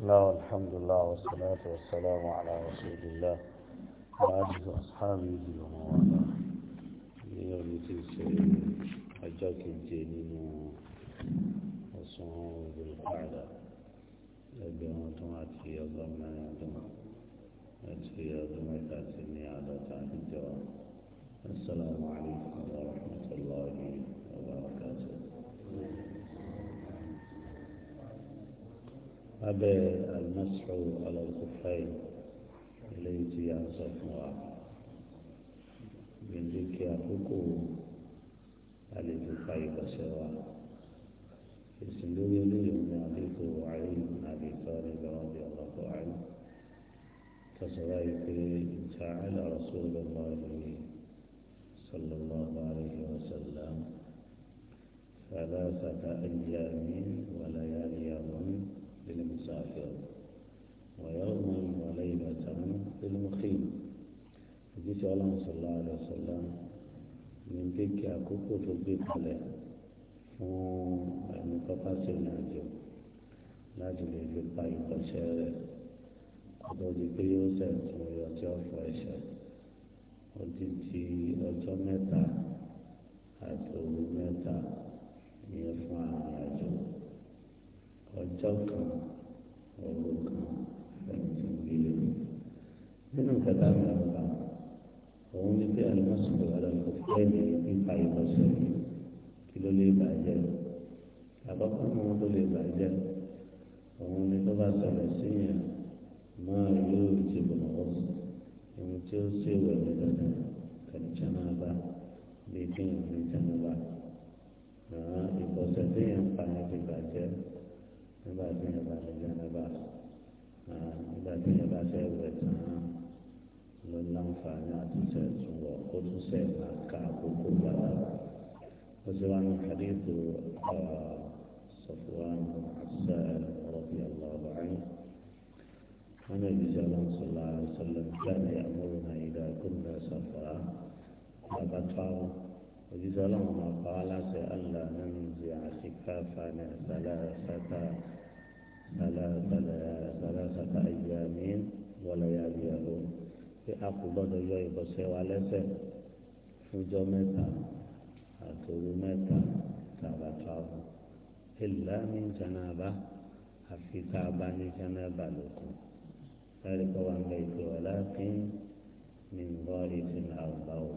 الله والحمد لله والصلاة والسلام على رسول الله وعلى أصحابه ومواله يوم تنسى أجاك الجنين وصعود بالقعدة أبيهم تماتي يضمنا يضمنا أتي يضمنا تاتني على تاني أبي المسح على الخفين التي يعصفها من ذيك علي التي خيب سواه السندوني اليوم حديث علي بن أبي طالب رضي الله عنه كصلاة جعل رسول الله صلى الله عليه وسلم ثلاثة أيام وليالي المسافر ويوما وليلة للمقيم حديث الله صلى الله عليه وسلم من بك أكوكو تبيك له فأنا تقاسي ناجو láti lè fi pa ìkọ̀ṣẹ́ rẹ̀ kótó di pé yóò sẹ̀tún ìyọ̀tí ọ̀fọ̀ ẹ̀ṣẹ̀ ó ti di ọjọ́ mẹ́ta àti òru mẹ́ta ìyẹn fún àrùn àjò ọjọ́ kan كذلك òun ní pé alimọ́sùn ọ̀rọ̀ ìfọ̀fẹ́ẹ̀lì pípa ìbọ̀sẹ̀ kí ló lè bàjẹ́ àkọ́kọ́ ní wọn tó lè bàjẹ́ òun ní tó bá sọ̀rọ̀ síyàn máa yóò ti bọ̀ ọ́ ohun tí ó ṣe wẹ̀ ní dandan kàdìjà náà bá bí kí n ní jẹun bá àwọn ìbọ̀sẹ̀ tó yẹn ń pa yẹn ti bàjẹ́ nígbà tí yẹn bá ti jẹun bá nígbà tí yẹn bá fẹ́ wẹ̀ tán. ló ń láǹfààní àti sẹ̀tún wọ̀ ó tún sẹ̀ máa ka àkókò padà ó sì wá ní àdéhùn صفوان السائل رضي الله عنه أن النبي صلى الله عليه وسلم كان يأمرنا إذا كنا سفرا فبقوا وجزل ما قال ألا ننزع خفافنا ثلاثة ثلاثة ثلاثة أيام a kò gbọ́dọ̀ yọ ìbọ̀sẹ̀ wa lẹ́sẹ̀ fújọ́ mẹ́ta àtòru mẹ́ta tàbátà ọ̀hún ìlà ní jẹnàbá àfi tá a bá ní jẹnàbá lóko láti kọ́ wa ń bẹ ìpè wà lákín ní bọ́ọ̀lì tí nà ọ̀gbà o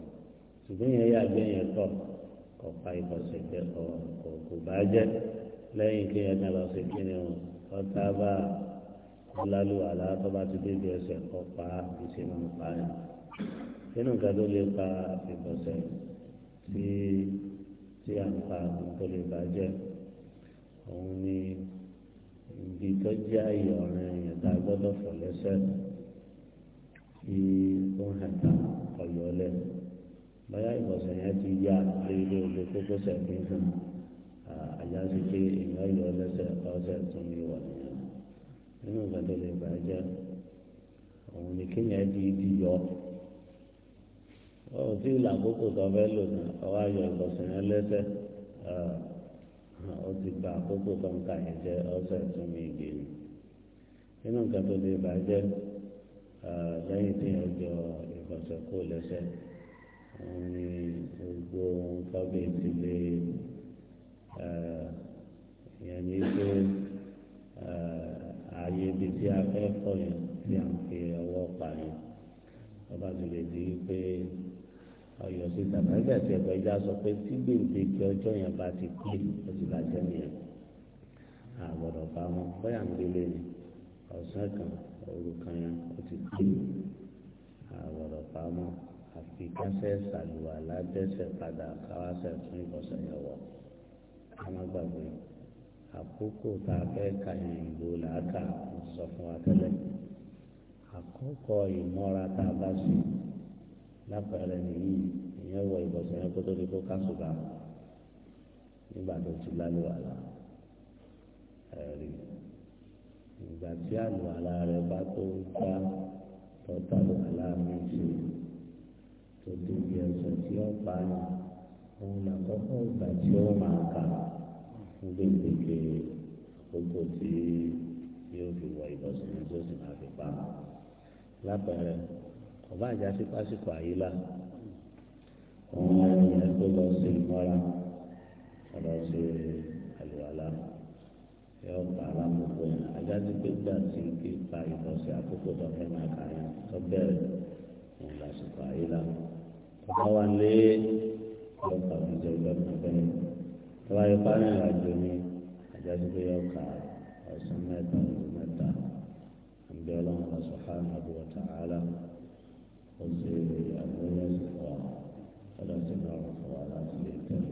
ṣùgbọ́n yẹn yà gbé yẹn tọ̀ ọ̀pá ìbọ̀sẹ̀ jẹ́ ọ̀kọ̀ kò bá jẹ́ lẹ́yìn kí yẹn náà lọ sí kí ni ọ̀tá bá a ọlálùwà látọ́ bá ti débi ẹsẹ̀ kọ́ pa ìṣe máa ń pa ẹ̀. nínú nǹkan tó lè pa ìbọ̀sẹ̀ tí tí à ń pa tó lè bàjẹ́ òun ni ibi tó jẹ́ àyè ọ̀rẹ́ yẹn tá a gbọ́dọ̀ fọ̀ lẹ́sẹ̀ kí ó hàn ká ọ̀yọ́ lẹ̀. báyà ìbọ̀sẹ̀ yẹn ti yá lórí olè kókó sẹ̀kín fún àjàsí pé èèyàn yọ lẹ́sẹ̀ ọ̀sẹ̀ tún yìí wà nìyẹn. nínú ìgbàdọ̀lẹ̀ ìbàjẹ́ òun ni kéèyàn di ìdí yọ ọ̀hún tí ìlà àkókò tó fẹ́ lò náà ọwọ́ ayọ̀ yẹn lẹ́sẹ̀ ti gba àkókò tó ka yẹn mi ni nǹkan tó lè bàjẹ́ lẹ́yìn tí yẹn jọ kó lẹ́sẹ̀ ni gbogbo ohun ààyè ibi tí a fẹ́ kọ̀ yẹn tí à fi ọwọ́ pa ọba ti lè di pé ọyọ síta nígbà tí ẹgbẹ́ ìjà sọ pé tí gbèǹdéke ọjọ́ yẹn bá ti pé ó ti bàjẹ́ nìyẹn àgbọ̀dọ̀ bá wọn bóyá ń gbélé ni ọ̀sán kan òru kan yẹn ó ti pé àgbọ̀dọ̀ bá wọn àfi kásẹ̀ ṣàlùwà ládẹ́sẹ̀ padà káwáṣẹ̀ fún ìbọ̀sẹ̀ yẹn wọ̀ ká má gbàgbé yẹn àkókò tá a fẹ́ ka ìyìnbó làákà ń sọ fún wa tẹ́lẹ̀ àkókò ìmọ́ra tá a bá sùn lápẹ̀rẹ̀ nìyí ìyẹn wọ ìbọ̀sẹ̀ yẹn kó tó di kó kásùbà nígbà tó ti lálẹ́ wàhálà ẹ̀rí ìgbà tí àlùwàlà rẹ̀ bá tó gbá tọ́ta àlùwàlà mi ṣe tó débi ẹ̀sẹ̀ tí ó pa á òun làkọ́kọ́ ìgbà tí ó máa kà á. lábẹ́rẹ́ ọba àjà sípàsípò àyílá òun ẹni yẹn tó lọ sí ìmọ́ra ọ̀rọ̀ sí àlùwàlá yóò bá alákòókò yẹn ajá ti pé gbà tí kì í pa ìbọ̀sẹ̀ àkókò tó fẹ́ máa kà yẹn tó bẹ̀rẹ̀ òun lásìkò àyílá ọba wa lé yóò kà oúnjẹ ìgbà kan bẹ́ẹ̀ tọ́wáyé pàrọ̀ ìrìnàjò ni ajá ti pé yóò kà á. تعالى وسير أبو يوسف ولا سنة ولا سنة